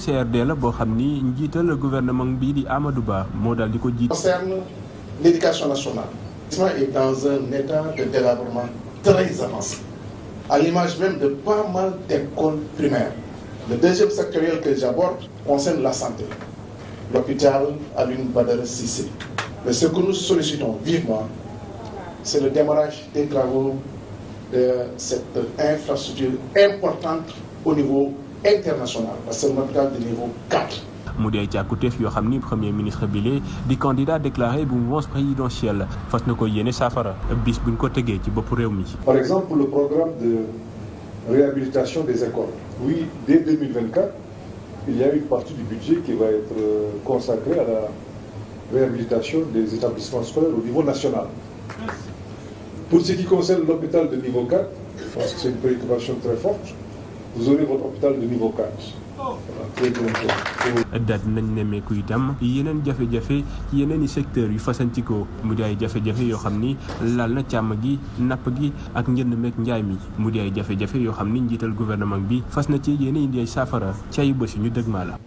CRD la boo xam ni njiital gouvernement bii di Amadou Ba moo daal di ko jiit. concerne l'éducation nationale. est dans un état de délabrement très avancé. à l'image même de pas mal d'écoles primaires. Le deuxième secteur que j'aborde concerne la santé, l'hôpital Alioune Badara Cissé. Mais ce que nous sollicitons vivement, c'est le démarrage des travaux de cette infrastructure importante au niveau international parce que mondial de mu dee càkkutéef yoo xam ni premier ministre bi lee di candidat déclaré bu mouvance présidentielle fas na ko yéene saafara bis buñ ko tege ci bopp réew mi. par exemple pour le programme de réhabilitation des écoles. oui dès 2024 il y a une partie du budget qui va être euh, consacrée à la réhabilitation des établissements scolaires au niveau national. pour ce qui concerne l'hôpital de niveau 4 c'est une préoccupation très forte. vous aurez votre hôpital de nañ nemmeeku itam yeneen jafe-jafe yeneen i secteurs yu fasantikoo mu di ay jafe-jafe yoo xam ni laal na càmm gi napp gi ak njënd meeg njaay mi mu di ay jafe-jafe yoo xam ni njiital gouvernement bi fas na ci yéen indi ay saafara ci ay bés yu ñu dëgmaa la